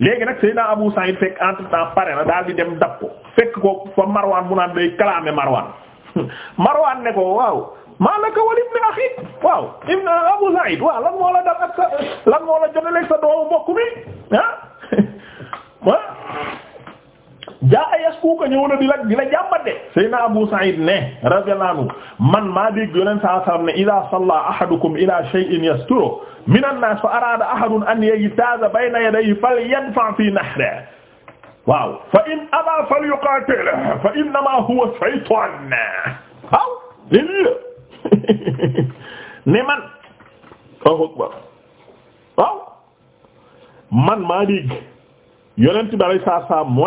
léegi nag Seydina Abu Sa'id fekk entre temps pare na daal di dem dab ko fekk ko fa Marwan mu naan day kalaame Marwan Marwan ne ko waaw maa laka wal ibn akhi waaw ibn Abu Sa'id waaw lan moo la dal ak sa lan moo la jotaleeg sa doomu mbokk mi ah. jaa yaskuuka ñëw na di la di la jàmbat de Seydina Abu Sa'id ne radiyallahu anhu man maa dégg yoneen saa sallam ne ida salla ahadukum ila shay'in yasturu min an-nas fa arada ahadun an yajtaza bayna yadayhi falyadfa fi nahri waaw fa in aba falyuqatil fa innama huwa shaytan waaw ne man waaw man maa dégg yonent bi alayhi salaam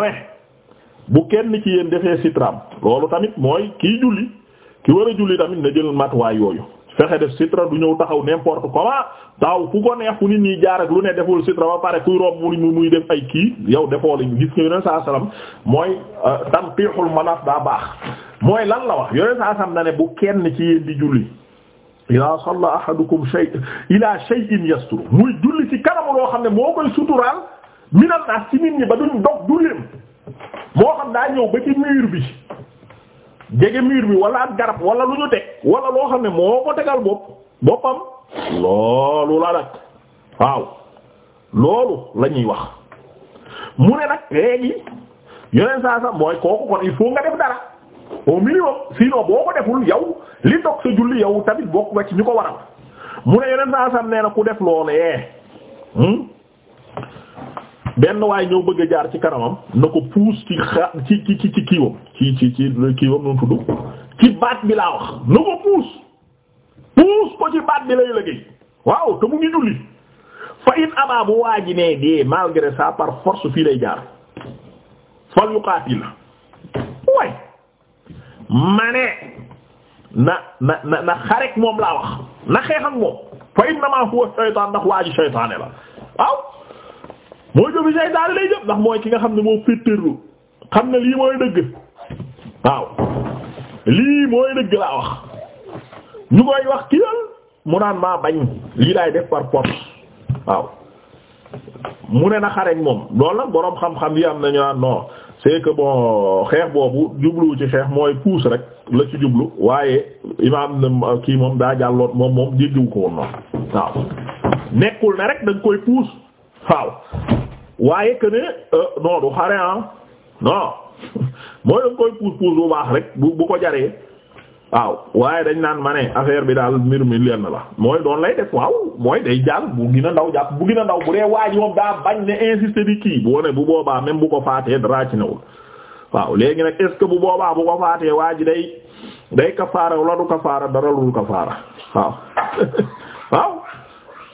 bu kenn ci yéen defee sitram loolu tamit mooy kii julli ki war a julli tamit na jël matuwaay yooyu fexe def sitra du ñëw taxaw n'importe comment taw fu ko neex fu nit ñi jaar ak lu ne deful sitra ba pare kuy romb mu muy def ay kii yow defoo lañu gis nga yoneen sa salaam mooy euh, tanqiixul manaf daa baax mooy lan la wax yoneen saa salaam na ne bu kenn ci yéen di julli ila salla ahadukum shay ila shay'in yastur muy julli ci kanam loo xam ne moo koy suturaal minal ñi ba duñ dog julleem moo xam daa ñëw ba ci mur bi jege mur bi wala ak garab wala lu ñu teg wala loo xam ne moo ko tegal bopp boppam loolu la nag waaw loolu la wax mu ne nag léegi yeneen saa sax mooy kooku kon il faut nga def dara au minimum sinon boo ko deful yow li dog sa julli yow tamit bokk nga ci ñu ko waral mu ne yeneen saa sax nee na ku def loolee. Hmm? benn waaye ñoo bëgg jaar ci kanamam na ko puus ci xa ci ci ci kiiwam ci ci ci kiiwam noonu tudd ci baat bi laa wax na ko puus puus ko ci baat bi lay liggéey waaw te mu ngi julli fa in abaa bu waa nee dee malgré ça par force fii lay jaar fal yuqaatil way ma ne na na na na moom laa wax na xeex moom fa innamaa huwa shaytaan ndax waa ji la waaw mooy jëfi seytaane lay jëf ndax mooy ki nga xam ne moo féttéerlu xam ne lii mooy dëgg waaw lii mooy dëgg laa wax ñu koy wax ki lal mu naan maa bañ lii laay def par force waaw mu ne na xareñ moom loolu nag boroom xam-xam yi am nañu naan non c'est que bon xeex boobu jubluwu ci xeex mooy puus rek la ci jublu waaye imaam kii moom daa jàlloon moom moom jéggiwu ko woon noonu waaw nekkul ne rek da koy puus waaw waaye que ne euh, non du xare ah non mooy danga koy puus puus bu baax rek bu bu ko jaree waaw waaye dañ naan ma ne affaire bi daal mbir mi lenn la mooy doon lay def waaw mooy day jàll bu gën ndaw jàpp bu gën ndaw bu dee waaj moom daa bañ ne insister di kii boo bu boobaa même bu ko faatee dara ci newul waaw léegi nag est bu boobaa bu ko faatee waa ji day day kafaara wala du kafaara dara lu dul kafaara waaw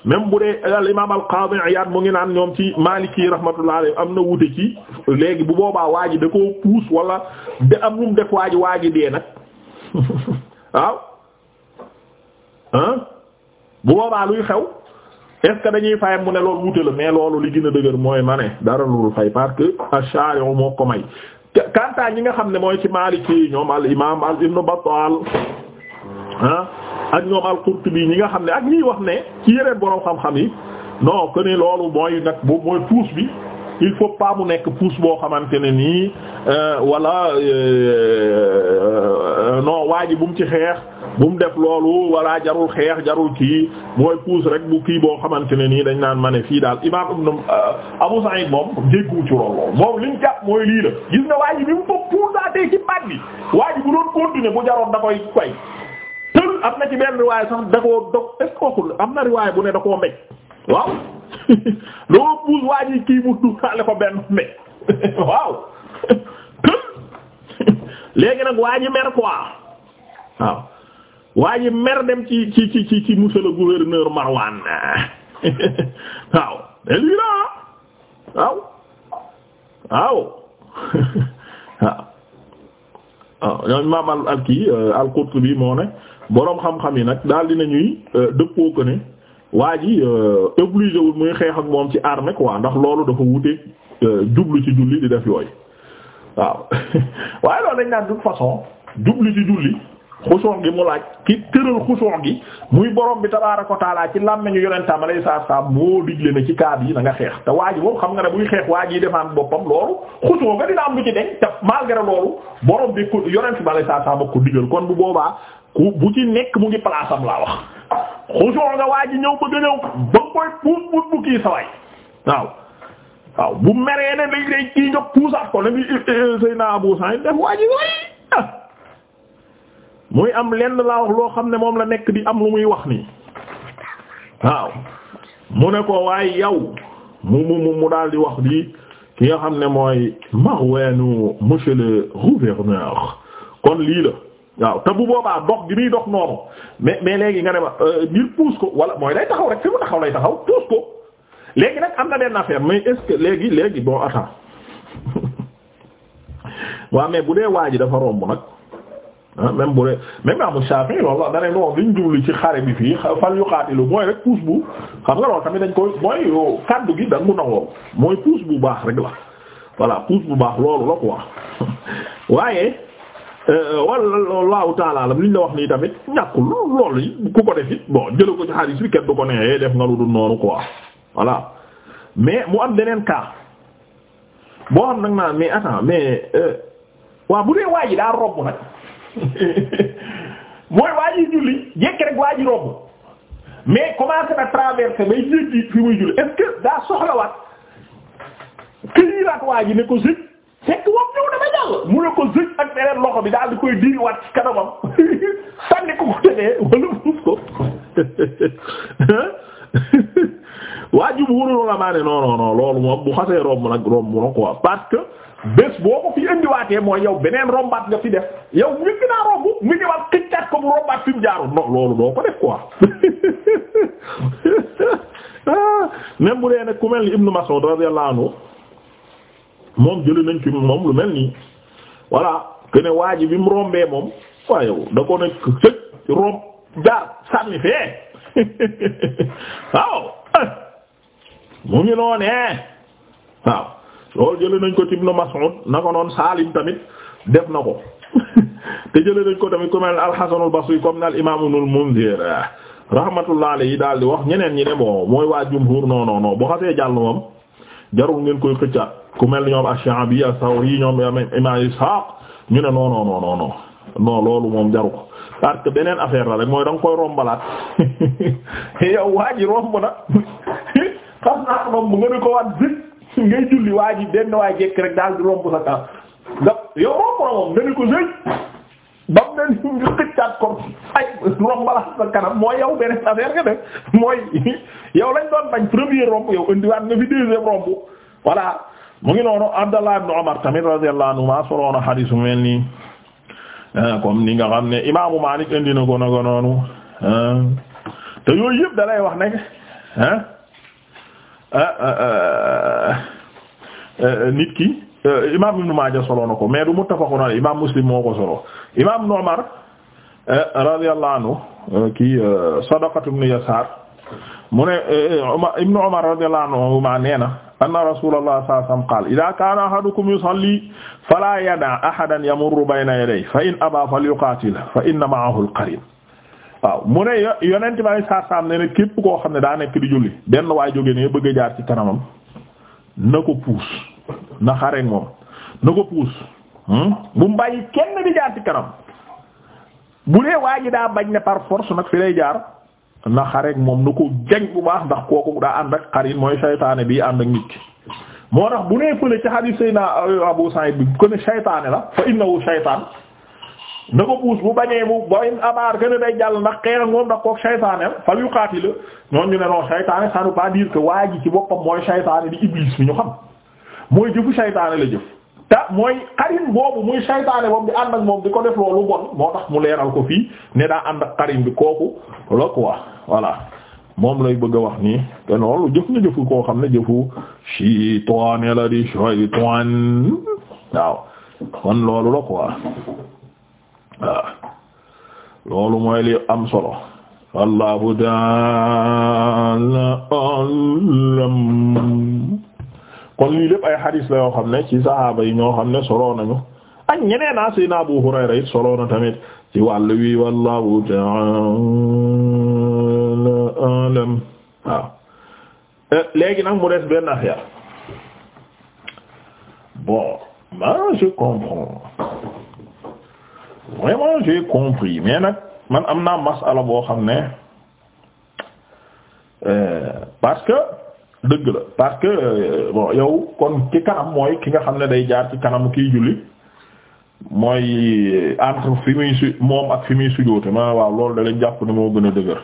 même bu dee al imaam al qaadi Iyaad mu ngi naan ñoom ci Maliki rahmatullahi alayhi am na wute ci léegi bu boobaa waaj ji da koo puus wala de am lu mu def waa ji waa ji dee nag waaw bu boobaa luy xew est-ce que dañuy fay mu ne loolu wute la mais loolu li gën a dëgër mooy ma ne dara lu fay parce que ash-shari' moo ko may. kanta ñi nga xam ne mooy ci Maliki ñoom al imaam al ibn Battal ak ñoom al-Qurtubi ñi nga xam ne ak ñiy wax ne ci yeneen borom xam-xam yi non que ne loolu mooy nag boobu mooy puus bi il faut pas mu nekk puus boo xamante ne nii euh, walla euh, no waa ji bu mu ci xeex bu mu def loolu wala jarul xeex jarul kii mooy puus rek bu kii boo xamante ne nii dañ naan ma ne fii daal imaam ibn euh, Abu Sa'id moom déggu ci loolu moom liñ jàpp mooy lii la gis nga waa ji mu ko puusaatee ci baat bi waa ji bu doon continuer da koy koy am na ci benn riwaay sax da dog est-ce que am na riwaay bu ne da koo mbéj waaw doo puus waa ji kii mu dugaale ko benn mbéj waaw léegi nag waa ji waaw dem ci ci ci ci ci monsieur le waaw waaw waaw waaw al al kii euh, al Qurtubi moo ne boroom xam-xam yi nag daal dina ñuy euh, dëppoo ko ne waa ji euh, obligé wul muy xeex ak moom ci armée quoi ndax loolu dafa wuteeg euh, jublu ci julli di def yooyu waaw waaye loolu dañ naan toute façon jublu ci julli xusoon gi mu laaj ki tëral xusoon gi muy borom bi tabaaraka wa taala ci làmmiñu yonentam alayhi salaam moo digle ne ci kaab yi na nga xeex te waa ji moom xam nga ne buy xeex waa ji defaan boppam loolu xusoo nga dina am lu ci deñ te malgré loolu ko digal boobaa ku bu ci nekk mu ngi place am laa wax xusoo nga waa ji ñëw bëgg a ñëw ba koy puus puus bu kii sawaay waaw waaw bu meree ne day day kii nga puusaat ko la muy sëy na Abu Sa'id def waa ji way ah. muy am lenn laa wax loo xam ne moom la nekk di am lu muy wax nii waaw mu ne ko waaye yow mu mu mu daal di wax di ki nga xam ne mooy Marwanu monsieur le gouverneur kon lii la waaw te bu boobaa dox gi muy dox noonu mais mais léegi nga ne ma euh, ngir puus ko wala mooy lay taxaw rek fi mu taxaw lay taxaw puus ko léegi nag am na benn affaire mais est-ce que léegi léegi bon attends waaw bu dee waa ji dafa bu nag ah même bu dee même amu Shafi loolu la da ne non liñ jublu ci xare bi fii fal yu xaatilu mooy rek puus bu xam nga loolu tamit dañ koy mooy kaddu gi da nga ko nangoo mooy puus bu baax rek la voilà puus bu baax loolu la quoi waaye. Euh, wallahu taala alam li ñu la wax nii tamit ñàkkul loolu yi ku ko def it bon jëla ko ci xaalis bi kenn du ko nee eh, def nga lu dul noonu quoi voilà mais mu am beneen cas boo xam nag naa mais attends mais euh, waaw bu dee waa ji daa robb nag mooy waa ji julli jekk rek waa robb mais commencé na traversé bay jéggi fi muy julli est-ce que daa soxlawaat këyiiraat waa ne ko fekk moom ñëw dafa jàll mu ne ko zëj ak beneen loxo bi daal di koy diiwaat ci kanamam sànni ko ko tenee wala puus ko waa jumhuurul ulamaa ne non non non loolu moom bu xasee romb nag romb na quoi parce que bés boo ko fi indiwaatee mooy yow beneen rombat nga fi def yow njëkk naa romb mu ñëwaat xëccaat ko mu rombaat fi mu jaarul non loolu doo ko def quoi ah, même bu dee ku mel ni Ibnu Mas'ud radiyallahu anhu moom jëli nañ ci moom lu mel nii voilà que ne waa bi mu rombee moom waa yow da ko nekk cëg romb jaar sànni fee waaw mu ngi noonee waaw loolu jëli nañ ko ci Ibn Mas'ud na ko noon Salim tamit def na ko te jëlee nañ ko tamit ku mel al-Hasan al-Basri comme al imaam Ibnul Munzir rahmatullah yi daal di wax ñeneen ñi ne bon mooy waa jumhur non non non boo xasee jàll moom. jarul ngeen koy xëccaat ku mel ñoom Ash-Sha'bi as-Sawri ñoom Imam Ishaq ñu ne non non non non non loolu moom jaru ko parce que beneen affaire la rek mooy da nga koy rombalaat yow waa ji romb na xam naa romb nga ne ko waat zit ngay julli waa ji benn waay jekk rek daal di romb sa kaw nga yow romb na moom nga ne ko zëj ba mu ne nga xëccaat ko. ay romb la sa kanam mooy yow beneen affaire nga def mooy yow lañ doon bañ premier romb yow indiwaat nga fi deuxième romb voilà mu ngi noonu Abdallah ibn Umar tamit radiyallahu anhu ma soloon a xadiis mu mel nii ah, comme ni nga xam ne imaamu Maalik indi na ko na ah, te yooyu yëpp dalay wax nekk ah, nit ki imaam Ibn Maaja soloon na ko mais du muttafaqun alayhi imaam Muslim moo ko solo imaam Umar Eh, radiyallahu anhu eh, kii eh, sadaqatu ibn yasaar mu ne ibn umar radiyallahu anhuma nee na anna rasulullah sallallahu alayhi wasallam qaala idha kaana ahadukum yusalli fala yada ahadan yamurru bayna yadayhi fa in aba falyuqaatil fa inna ma'ahu al-qarin waaw mu ne yonent ba saa saam ne ne képp koo xam ne daa nekk di julli benn waay jóge ne bëgg a jaar ci kanamam na ko puus na xareek moom na ko puus bu hmm? mu bàyyi kenn di jaar ci kanam bu dee waa ji daa bañ ne par force nag fi lay jaar na xareek moom na ko jañ bu baax ndax kooku daa ànd ak xarin mooy saytaane bii ànd ak nit moo tax bu nee fële ci hadith sayna Abu Sa'id bi ko la fa innahu saytaan na ko puus bu bañee bu boy abaar que ne day jàll ndax xeex ak moom ndax kooku saytaane la fal yuqaatil la ñoon ñu ne non saytaane ça ne veut pas dire waa ji ci boppam mooy saytaane di iblis bi ñu xam mooy jëfu saytaane la jëf. te mooy xarin boobu muy saytaane boobu di ànd moom di ko def loolu bon moo tax mu leeral ko fii ne daa ànd ak bi kooku la quoi voilà moom lay bëgg wax nii te loolu jëf na jëfu koo xam ne jëfu shaytaane la di shaytaan waaw kon loolu la quoi loolu mooy li am solo wallahu ta'ala alam kon lii lépp ay xadiis la yoo xam ne ci saxaaba yi ñoo xam ne soloo nañu ak ñeneen a ah, sayna Abu Hurayra it soloo na tamit ci wàll wi wallahu ta'ala alam waaw eh, léegi nag mu des benn bon moi je comprends vraiment j'ai compris mais nag man am na masala boo xam ne euh, parce que dëgg la parce que euh, yow kon ki kanam mooy ki nga xam ne day jaar ci kanamu kiy julli mooy euh, entre fi muy su moom ak fi muy sujoote ma waaw loolu da lañ jàpp ne moo gën a dëgër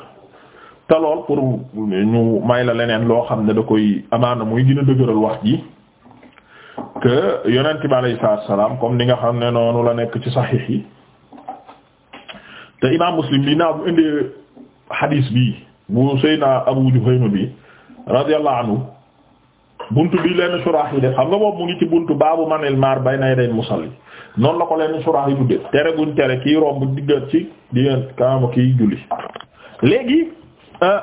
te lool pour ñu may la leneen loo xam ne da koy amaana muy gën a dëgëral wax ji que yonent bi alayhi salaam comme ni nga xam ne noonu la nekk ci saxiix yi te imaam Muslim bi naa bu indee xadiis bi bu Seydina Abu Juhayma bi radiyallahu anhu buntu bi leen surah yi def xam nga mu ngi ci buntu baabu manil maar bay nay day musalli noonu la ko leen surah yi tudde tere guñ tere kii romb diggat ci di kaamu kii julli léegi euh,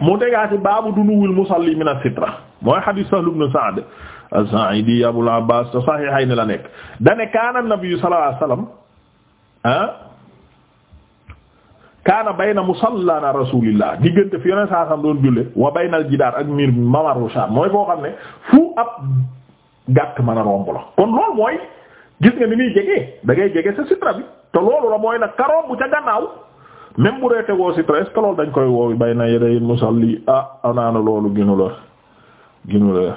mu tegaati baabu dunuwil musalli min as-sitra mooy hadith Sahl ibn Sa'd as-Sa'idi Abul Abbas te saxiixay la nekk dane kaana nabiyyu sallallahu alayhi wasallam ah, kaana bayna musallana rasulillah diggante fi yoneen saa sam doon julle wa baynal jidaar ak miir mamaru shar mooy foo xam ne fu ab gàtt mën a romb la kon loolu mooy gis nga ni muy jegee da jege sa sitra bi te loolu la mooy nag ka romb ca gannaaw même tegoo sitra est loolu dañ koy woowi bayna yaday musalli ah anaana loolu ginu la ginu la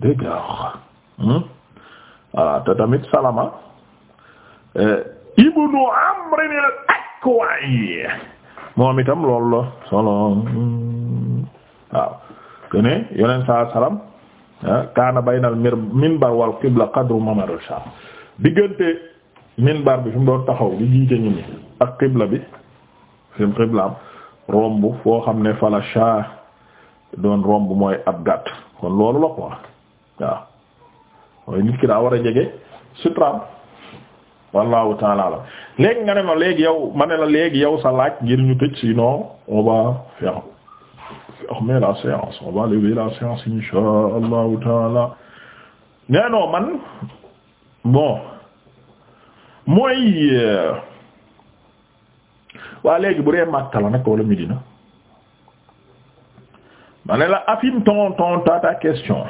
dégg hmm? voilà te tamit salama eh, ibnu amr Zakwai moom itam loolu la solo waaw kene yoneen saa salaam kaana baynal mir minbar wal qibla qadru mamar al-sham diggante minbar bi fi doon taxaw bi jiite ñu ni ak qibla bi fi mu qiblaam romb foo xam ne fala sha doon romb mooy ab gàtt kon loolu la quoi waaw mooy nit ki daa war a jege sutraam wallahu taala alam léegi nga ne ma léegi yow ma ne la léegi yow sa laaj ngir ñu tëj sinon on va faire fermer la séance on va lever la séance insha allahu taala nee non man bon mooy euh, waa léegi bu dee Makka la nag wala Medina ma ne la affine ton ton ta question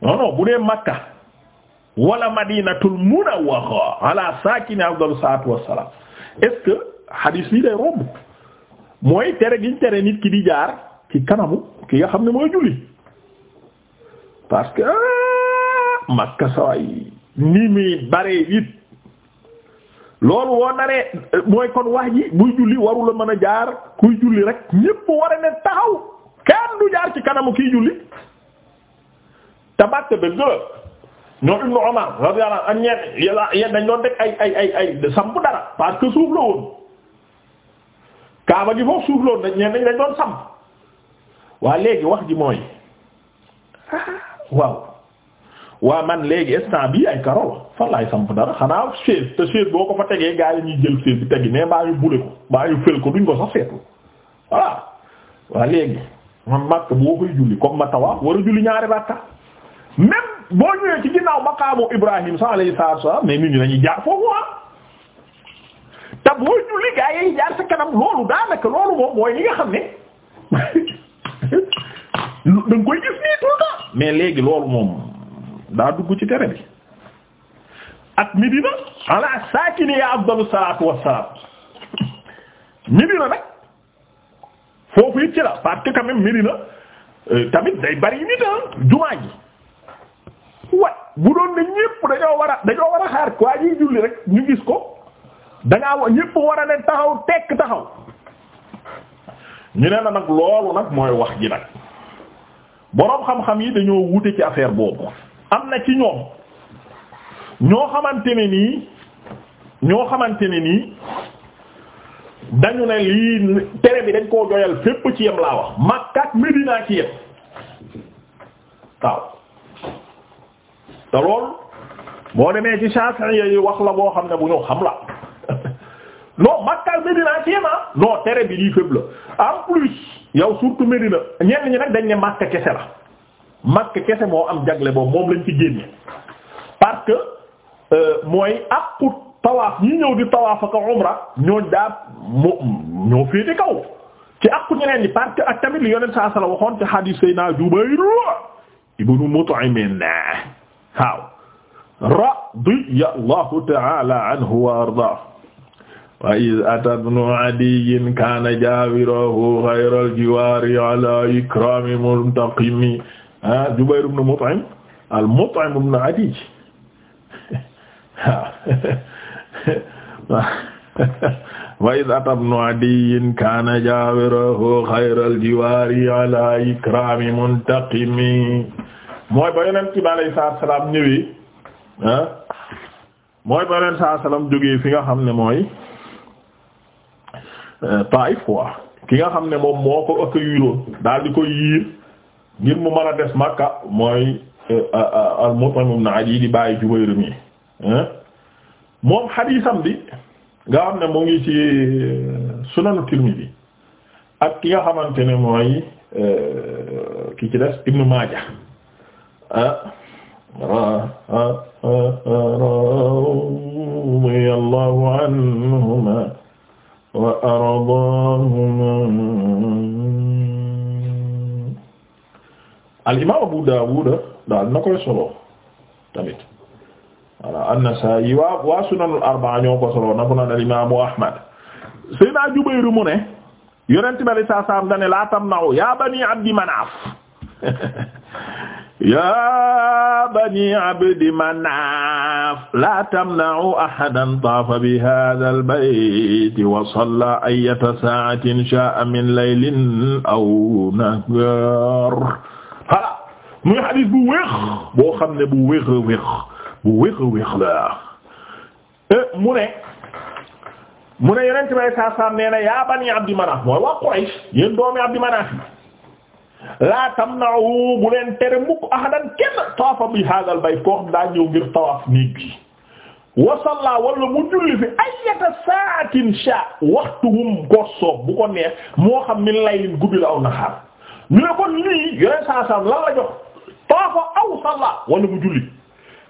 non non bu dee Makka wala madinatul munawwara ala saakini afdalu salaatu wassalaam est-ce que hadis bi day romb mooy tere giñ tere nit ki di jaar ci kanamu ki nga xam ne mooy julli parce que ah, makka saway ni muy baree it loolu woo naree mooy kon wax ji buy julli waru la mën a jaar kuy julli rek ñépp war a ne taxaw kenn du jaar ci kanamu kiy julli te bàtt ba ñoom Ibnu Umar radiyallahu anhu dañ doon teg ay ay ay ay samp dara parce que suuf la woon kaaba gi foofu suuf la woon dañ doon samp waa léegi wax ji mooy waaw waa man léegi instant ay karo fan samp dara xanaa chaise te chaise boo ko fa tegee gaa yi ñuy jël chaise bi tegi mais baa yu bule ko baa yu fël ko duñ ko sax seetlu voilà waa léegi man màkk boo koy julli comme ma tawaaf war a julli ñaari rakka même boo ñëwee ci ginnaaw maqaamu Ibrahim sa alayhi salaatu wa salaam mais nit ñi dañuy jaar foofu ah te boo yi moom ci tere bi ak Medina ala saakini ya afdalu euh, nit ah jumaa ji. wa bu doon ne ñépp dañoo war a dañoo war xaar waa ñuy julli rek ñu gis ko dangaa wa ñépp war a ne taxaw tekk taxaw ñu ne la nag loolu nag mooy wax ji nag boroom xam-xam yi dañoo wute ci affaire boobu am na ci ñoom ñoo xamante ne nii ñoo xamante ne nii dañu ne lii tere bi dañ koo joyal fépp ci yem laa wax Makka ak Medina ci yem waaw te loolu boo demee ci Shafi'iyya yi wax la boo xam ne bu ñëw xam la non Makka Medina ci ma ah. non tere bi lii faible en plus yow surtout Medina ñenn ñi nag dañ ne Makka kese la Makka kese moo am jagle boobu moom lañ ci génne parce que euh, mooy àqu tawaaf ñi ñëw di tawaaf ak umra ñoo daa moo ñoo féete kaw ci àqu ñeneen ñi parce que ak tamit li yoneen saa sala waxoon ci hadith Seydina Jubayr ibnu Mut'im waaw radiyallahu ta'ala anhu wa ardaahu wa iz ataa ibnu adiyyin kaana jaawirahu xayral jiwaari ala ikraami muntaqimi ah, Jubayr ibnu Mut'im al-Mut'im ibnu Adiy wa iz ataa ibnu adiyyin kaana jaawirahu xayral jiwaari ala ikraami muntaqimi mooy ba yonent bi alayhi salaam ñëwee ah mooy ba yonent saa salaam jógee fi nga xam ne mooy euh, Taif quoi ki nga xam ne moom moo ko accueilliroon daal di ko yiir ngir mu mën a des Makka mooy euh, al-Mut'im ibn Adiy di bàyyi Jubayr mi ah. moom xadiisam bi nga xam ne mu ngi ci euh, Sunanu Tirmidhi ak ki nga xamante ne mooy ki ci des Ibn Maaja radiyallahu anhuma wa ardaahuma al imaam Abu Daawud daal na koy solo tamit voilà an-Nasaa'i waa waa sunanul arba'a ñoo ko solo na ko naan al imaamu Ahmad Seydina Jubayr mu ne yonent bi sallallahu alayhi wa sallam dane laa tamna'u yaa banii Abdi Manaaf yaa bani abdi manaaf laa tamna'u ahadan taafa bi haadhal bayti wa salla ayyata sa'atin shaa'a min laylin aw nahaar voilà muy xadis bu wéex boo xam ne bu wéex a wéex bu wéex a wéex la e, mu ne mu ne yeneen ci may saa saa nee na yaa bani abdi manaaf mooy waa Quraysh yéen doomi abdi manaaf laa tamna'u bu leen tere mukk ahadan kenn tawaafa bi hadal bayt koo xam ñëw ngir tawaaf néeg bi wa salla wala mu julli fi ayyata sa'atin sha waxtuhum ko soob bu ko neex moo xam ni laylin guddi la aw naxaar ñu ne kon lii yore saa saa lan la jox tawaafa aw salla wala mu julli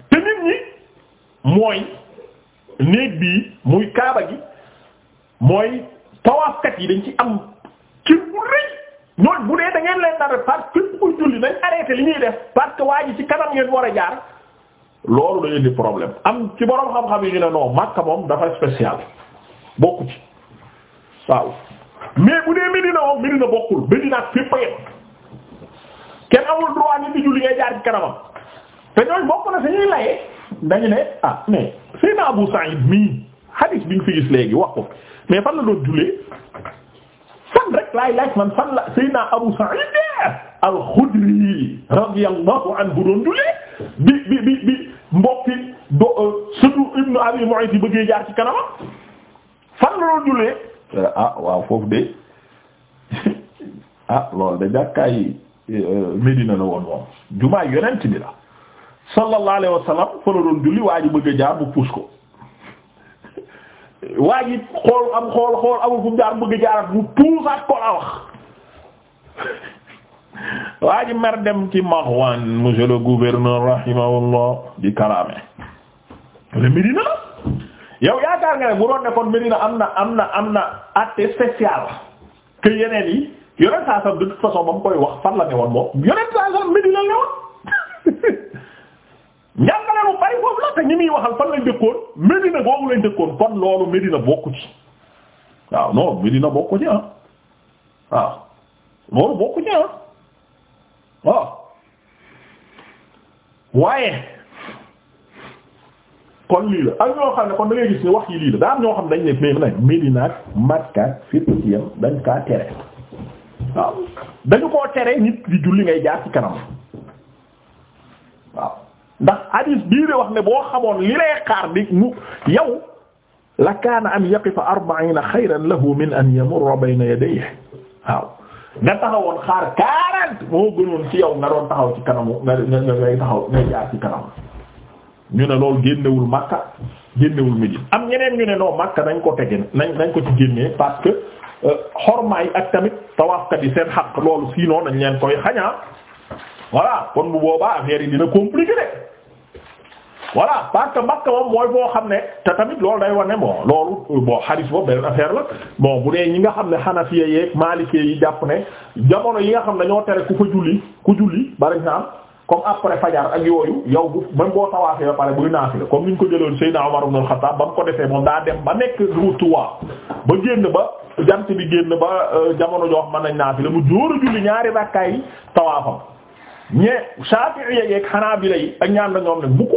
te nit ñi mooy néeg bii muy kaaba gi mooy tawaafkat yi dañ ci am kër bu rëy ñooñ bu dee da ngeen leen dara parce que képp kuy julli nañ arrêté li ñuy def parce que waa ji ci kanam ngeen war a jaar loolu day di problème am ci borom xam-xam yi ñu ne non Makka moom dafa spécial bokku ci waaw mais bu dee Medina moom Medina bokkul Medina ak fépp yépp kenn amul droit nit di julli ngay jaar ci kanamam te ñooñ bokk na sañuy layee dañu ne ah mais Seydina Abu Sa'id mii hadith bi nga fi gis léegi wax ko mais fan la doon jullee nag man fan la Seydina Abu Sa'id al-Khudri radiyallahu anhu doon julee bi bi bi bi mbokki do euh, sudu Ibn Abi Mu'ayt bëggee jaar ci kanama fan la euh, ah waaw foofu ah loolu de euh, Medina la woon jumaa yonent bi la sallallahu alayhi wa sallam fa la doon julli bëgg a jaar bu puus ko waa ji xool am xool xool amul fu mu jaar bëgg jaarat mu tuusaat ko la wax waa ji mer dem ci Marwan monsieur le gouverneur rahimahullah di kalaame le Médina yow yaakaar nga ne bu doon ne kon Médina am na am na am acte spécial que yeneen yi yoneen saa sam de toute façon ba mu koy wax fan ne woon moom yoneen saa sam Médina la woon njàngale mu bari foofu la te ñi muy waxal fan lañ dëkkoon Medina googu lañ dëkkoon kon loolu Medina bokku ci waaw non Medina bokku ci ah waaw loolu bokku ci ah waaye kon lii la ak ñoo xam ne kon da gis ne wax yi lii la daa am ñoo xam ne dañ ne mais nag Medina ak Makka ak fépp dañ kaa tere dañu koo tere nit di julli ngay jaar ci kanam. ndax hadis bii de wax ne boo xamoon li lay xaar di mu yow la kaana an yaqifa arbaina xayran lahu min an yamurra bayna yadayhi waaw nga taxawoon xaar quarante moo gënoon ci yow nga doon taxaw ci kanamu nga ngay taxaw ngay jaar ci kanamu ñu ne loolu génnewul Makka génnewul Médine am ñeneen ñu ne non Makka nañ ko tege nañ nañ ko ci génnee parce que euh, xormaay ak tamit tawaafkat yi seen xaq loolu sinon dañ leen koy xañaa voilà kon mu boobaa affaire yi dina compliqué voilà parce que Makka moom mooy boo xam ne te tamit loolu day wane bon loolu bon xaris boobu beneen affaire la bon bu dee ñi nga xam ne Hanafiya yeeg Maliki yi jàpp ne jamono yi nga xam ne ñoo tere ku fa julli ku julli par exemple comme après fajar ak yooyu yow bu même boo tawaafee ba pare buy naafila comme ni ñu ko jëloon Seydina Umar ibn al-Khattab ba mu ko defee moom daa dem ba nekk route trois ba génn ba jant bi génn ba euh, jamono joo xam mën nañ naafila mu jóor a julli ñaari rakkaay tawaafam ñe Shafi'i xanaa Hanabila yi ak ñaan la ñoom ne mukk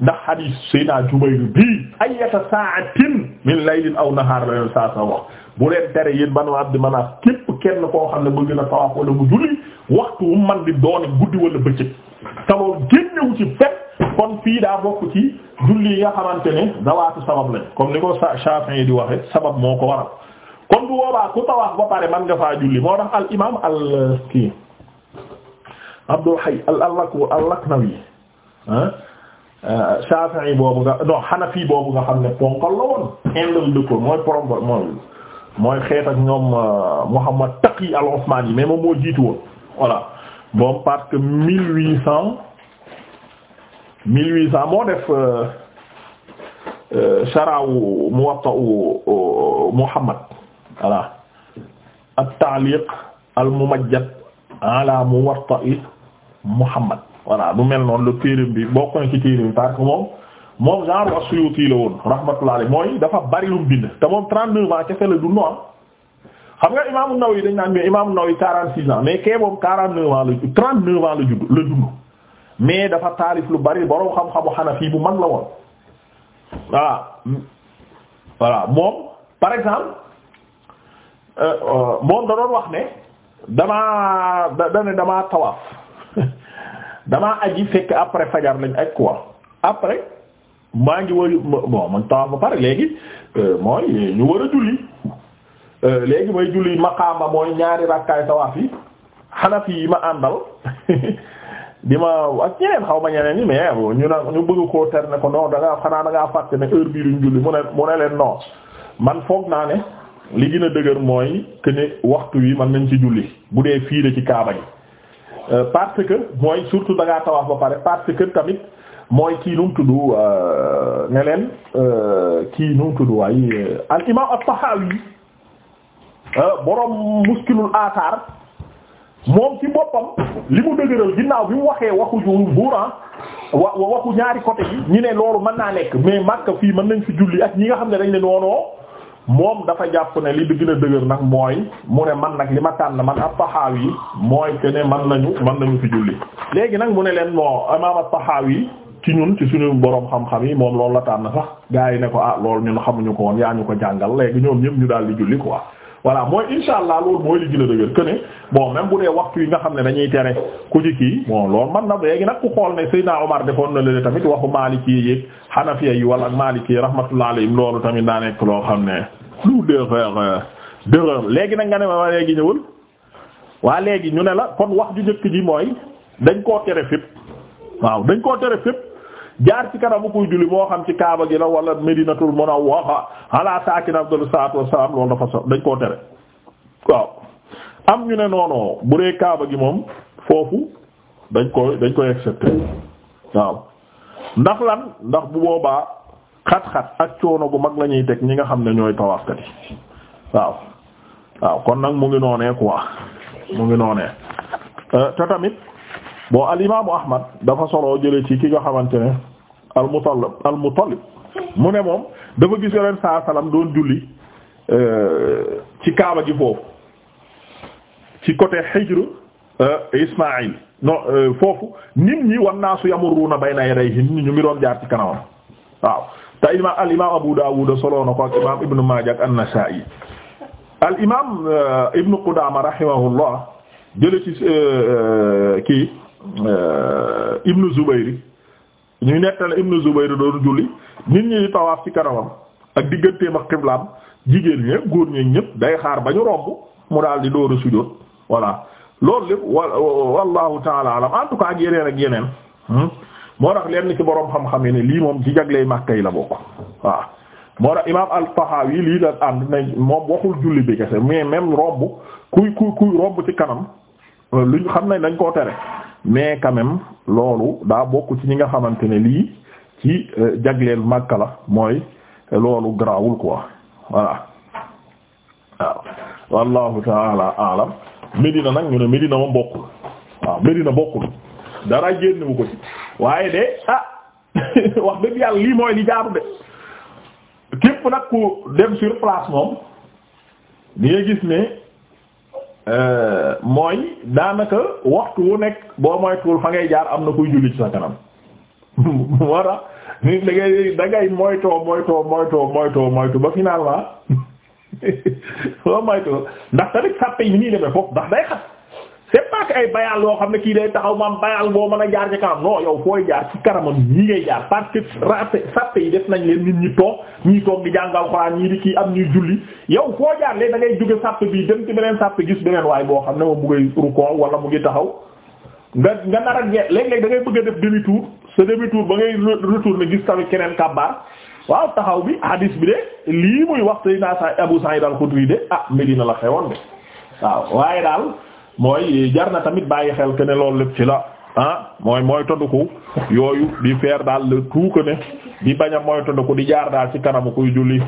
ndax hadith Seydina bi bii ayyata sa'atin min laylin aw nahaar la leen saa sa wax bu leen tere yéen Banu Abd Manaf képp kenn koo xam ne bëgg na tawaaf wala mu julli waxtu wu man di dooni guddi wala bëccëg te loolu ci fet kon fii daa bokk ci julli yi nga xamante ne dawaatu sabab lañ comme ni ko Shafi'i di waxe sabab moo ko waral kon bu boobaa ku tawaaf ba pare man nga faa julli moo tax al kii Abdul Hayy al-Laknawi ah, ah, Shafi'i boobu nga non Hanafi boobu nga xam ne ponkal la woon indal dëkkoon mooy problème mooy mooy xeet ak ñoom ah, Muhammad Taqi al-Usmani yi moom moo jiitu woon voilà moom parce que mille huit cent mille huit cent moo def euh, euh, sharaawu Muwatta Muhammad voilà at-Ta'liq al-Mumajjad ala Muwatta Muhammad voilà bu mel noonu la téereem bi bokk na ci téereem bi que moom moom genre as-Suyuti la woon rahmatullah alayhi mooy dafa bari lu mu te moom 39 ans kese la du noonu ah. xam nga imaamu Nawawi dañ naan mais imaamu Nawawi 46 ans mais kee moom 49 ans la 39 ans la judd mais dafa taalif lu bari borom xam-xamu Hanafi bu mag la woon voilà voilà moom par exemple euh, euh, moom da doon wax ne damaa da ne damaa tawaaf. damaa aji fekk après fajar lañ aj quoi après maa ngi war bon man tawaaf ba pare léegi euh, mooy ñu war a julli euh, léegi may julli maqaama mooy ñaari rakkaay tawaaf yi Hanafi yi ma àndal bi ma ak ñeneen xaw ma ñeneen ñi mais ñu ne ñu bëgg koo ter ne ko non da xanaa da ngaa fàtte ne heure bii duñ julli mu ne mu ne leen non man foog naa ne li gën a dëgër mooy que waxtu wi man nañ ci julli bu dee fii la ci kaaba yi Euh, parce que mooy surtout da ngaa tawaaf ba pare parce que tamit mooy kii nu mu tudd euh, ne leen euh, kii nu mu tudd waaye al imam at-Tahawi borom muskilul athar moom ci boppam li mu dëgëral ginnaaw bi mu waxee waxu ju buuraan ah, wa waxu ñaari coté yi ñu ne loolu mën naa nekk mais Makka fii mën nañ fi julli ak ñi nga xam ne dañ ne noonoo moom dafa jàpp ne li di gën a dëgër nag mooy mu ne man nag li ma tànn man at-Tahawi mooy que man nañu man nañu fi julli léegi nag mu ne leen moo imaam at yi ci ñun ci suñu boroom xam-xam yi moom loolu la tànn sax gaa yi ne ko ah loolu ñun xamuñu ko woon yaa ñu ko jàngal léegi ñoom ñëpp ñu daal di julli quoi voilà mooy insha allah loolu mooy li gën a dëgër que ne bon même bu dee waxtu yi nga xam ne dañuy tere ku ci kii bon loolu man na léegi nag ku xool ne Seydina Omar defoon na leen tamit waxu Maliki yi Hanafiya yi wala Maliki rahmatullahi alayhim loolu tamit daa nekk loo xam ne lu dëgër dëgër léegi nag nga ne ma léegi ñëwul waa léegi ñu ne la kon wax ju njëkk ji mooy dañ koo tere fépp waaw dañ koo tere fépp jaar ci kanamu kuy julli moo xam ci kaaba gi la wala medinatul munawwara ala sakin afdalu salaatu wassalaam loolu dafa so dañ koo tere waaw am ñu ne noonu bu dee kaaba gi moom foofu dañ koy dañ koy accepté waaw ndax lan ndax bu boobaa xat-xat ak coono gu mag la ñuy teg ñi nga xam ne ñooy tawaafkat waaw waaw kon nag mu ngi noonee quoi mu ngi noonee euh, te tamit bon al Ahmad dafa solo jële ci ki nga xamante ne al-Mutallab al-Mutallib mu ne moom dafa gis yoneen saa salaam doon julli euh, ci kaaba gi foofu ci côté Hijr euh, Ismaïl non euh, foofu nit ñi wan naasu yamurruuna bayna yadayhi nit ñi ñu ngi doon jaar ci kanamam waaw te al imaam Abu Daawud soloo ko ak imaam Ibn Maaja ak an al imaam Ibn Qudaama rahimahullah jële ci kii Ibn Zubayr ñu nettale Ibn Zubayr doon julli nit ñi tawaaf ci kanamam ak digganteem ak xiblaam jigéen ñi góor ñi ñëpp day xaar ba ñu romb mu daal di door a sujjóot voilà loolu lépp wallahu taala alam en tout cas ak yeneen ak yeneen hmm? moo tax lenn ci boroom xam-xam yi ne lii moom ci jagley Makka yi la bokk waaw moo tax imaam al-Tahawi lii la ànd nañ moom waxul julli bi kese mais même romb kuy kuy kuy romb ci kanam euh, luñ xam nañ dañ koo tere mais quand loolu daa bokk ci ñi nga xamante ne lii ci euh, jagleel Makka la mooy euh, loolu garaawul quoi voilà waaw wallahu taala alam Medina nag ñu ne Medina moom bokkul waaw Medina bokkul dara génn ko ci waaye de ah wax dëgg yàlla lii mooy li jaaru de képp nag ku dem sur place moom di nga gis ne Euh, mooy daanaka waxtu wu nekk boo moytuwul fa ngay jaar am na kuy julli ci sa kanam moo tax nit da ngay da ngay moytoo moytoo moytoo moytoo moytu ba finalement boo moytu ndax tamit sàppe yi ni muy demee foofu ndax day xat c'est pas ay bayal yoo xam ne kii day taxaw maam bayal boo mën a jaar ci kanam non yow fooy jaar ci kanamam ñii ngay jaar parce que sàppe yi def nañ leen nit ñi toog ñii toog di jàngal Alxuraan ñii di kii am ñuy julli yow foo jaar léegi da ngay jóge sàppe bi dem ci beneen sàppe gis beneen waay boo xam ne moom mu ngay rukkoo mu ngi taxaw nga nga nar a ñeent léeg da ngay bëgg a def demi tour sa demi tour ba ngay retourner gis tamit keneen kàbbaar waaw taxaw bi hadis bi de lii muy wax Sayyidina Abu Sa'id al-Khudri de ah Medina la xewoon de waaw mooy jar na tamit bàyyi xel que ne loolu lépp ci la ah mooy mooy tonduku yooyu di faire daal le tout di bañ a mooy tonduku di jaar daal ci kanamu kuy julli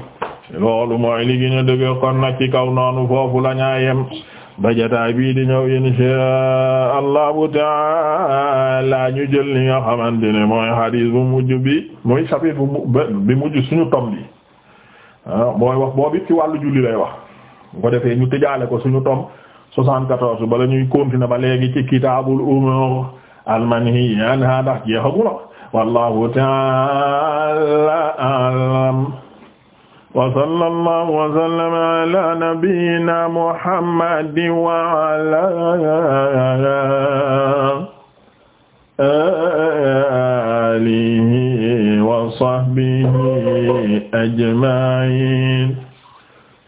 loolu mooy li gën a dëgg kon nag ci kaw noonu foofu lañaa ñaa yem ba bii di ñëw insha allahu taala ñu jël li nga xamante ne mooy hadis bu mujj bi muy chapitre bi mujj suñu tom bi ah mooy wax boobu ci wàllu julli lay wax bu ko ñu tëjaale ko suñu tom. 74 bala ñuy continuer ba léegi ci kitaabul umuur almanhi anha ndax jeexagula wallahu ta'ala a'lam wa sallallahu wa sallama ala nabiyyina muhammadin wa ala alihi wa sahbihi ajma'in